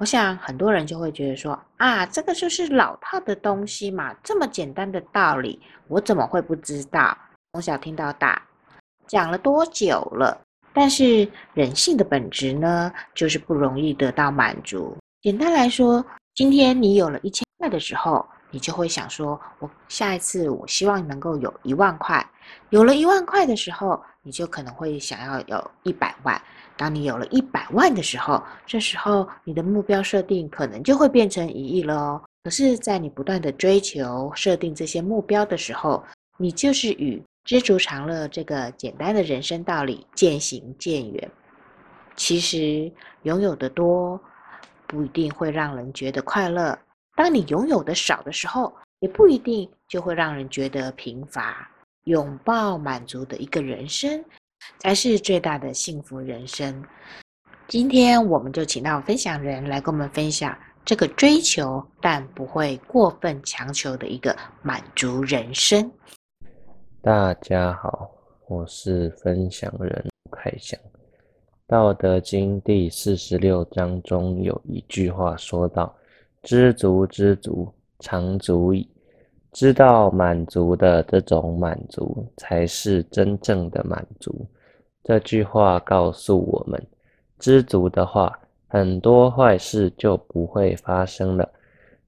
我想很多人就會覺得說啊，這個就是老套的東西嘛，這麼簡單的道理，我怎麼會不知道？從小聽到大，講了多久了？但是人性的本質呢，就是不容易得到滿足。簡單來說，今天你有了一千塊的時候。你就會想說，我下一次我希望能夠有一萬塊。有了一萬塊的時候，你就可能會想要有一百萬。當你有了一百萬的時候，這時候你的目標設定可能就會變成一億了哦。可是，在你不斷的追求、設定這些目標的時候，你就是與知足常樂這個簡單的人生道理漸行漸遠。其實，擁有的多，不一定會讓人覺得快樂。當你擁有的少的時候，也不一定就會讓人覺得貧乏。擁抱滿足的一個人生，才是最大的幸福人生。今天，我們就請到分享人來跟我們分享這個追求但不會過分強求的一個滿足人生。大家好，我是分享人開講《道德經》第四十六章中有一句話說道。知足,知足，知足常足矣。知道滿足的這種滿足，才是真正的滿足。這句話告訴我們，知足的話，很多壞事就不會發生了。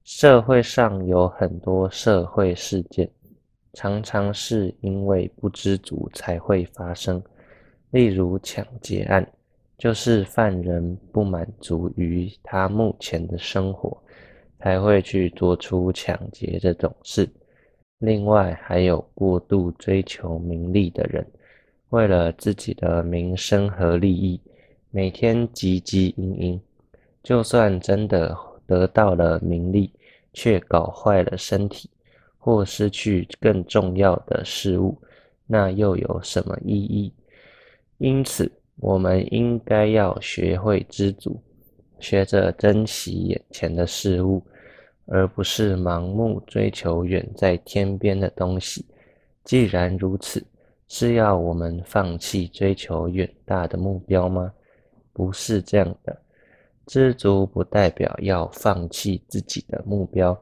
社會上有很多社會事件，常常是因為不知足才會發生。例如搶劫案，就是犯人不滿足於他目前的生活。才會去做出搶劫這種事。另外，還有過度追求名利的人，為了自己的名聲和利益，每天汲汲營營。就算真的得到了名利，卻搞壞了身體，或失去更重要的事物，那又有什麼意義？因此，我們應該要學會知足，學着珍惜眼前的事物。而不是盲目追求遠在天邊的東西。既然如此，是要我們放棄追求遠大的目標嗎？不是這樣的。知足不代表要放棄自己的目標，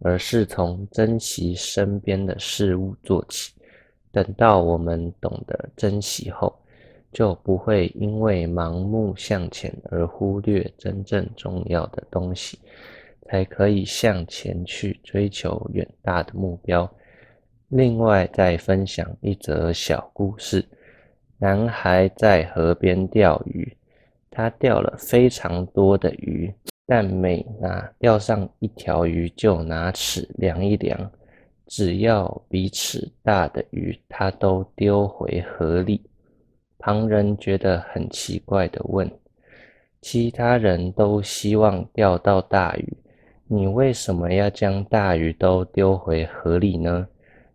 而是從珍惜身邊的事物做起。等到我們懂得珍惜後，就不會因為盲目向前而忽略真正重要的東西。才可以向前去追求遠大的目標。另外，再分享一則小故事：男孩在河邊釣魚，他釣了非常多的魚，但每拿釣上一條魚就拿尺量一量，只要比尺大的魚，他都丟回河裡。旁人覺得很奇怪的問：“其他人都希望釣到大魚。”你為什麼要將大魚都丟回河裡呢？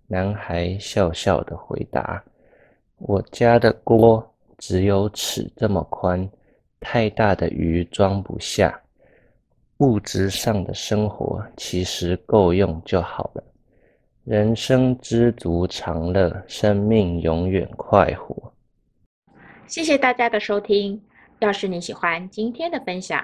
男孩笑笑地回答：“我家的鍋只有尺這麼寬，太大的魚裝不下。物質上的生活其實夠用就好了，人生知足常樂，生命永遠快活。”謝謝大家的收聽。要是你喜歡今天的分享，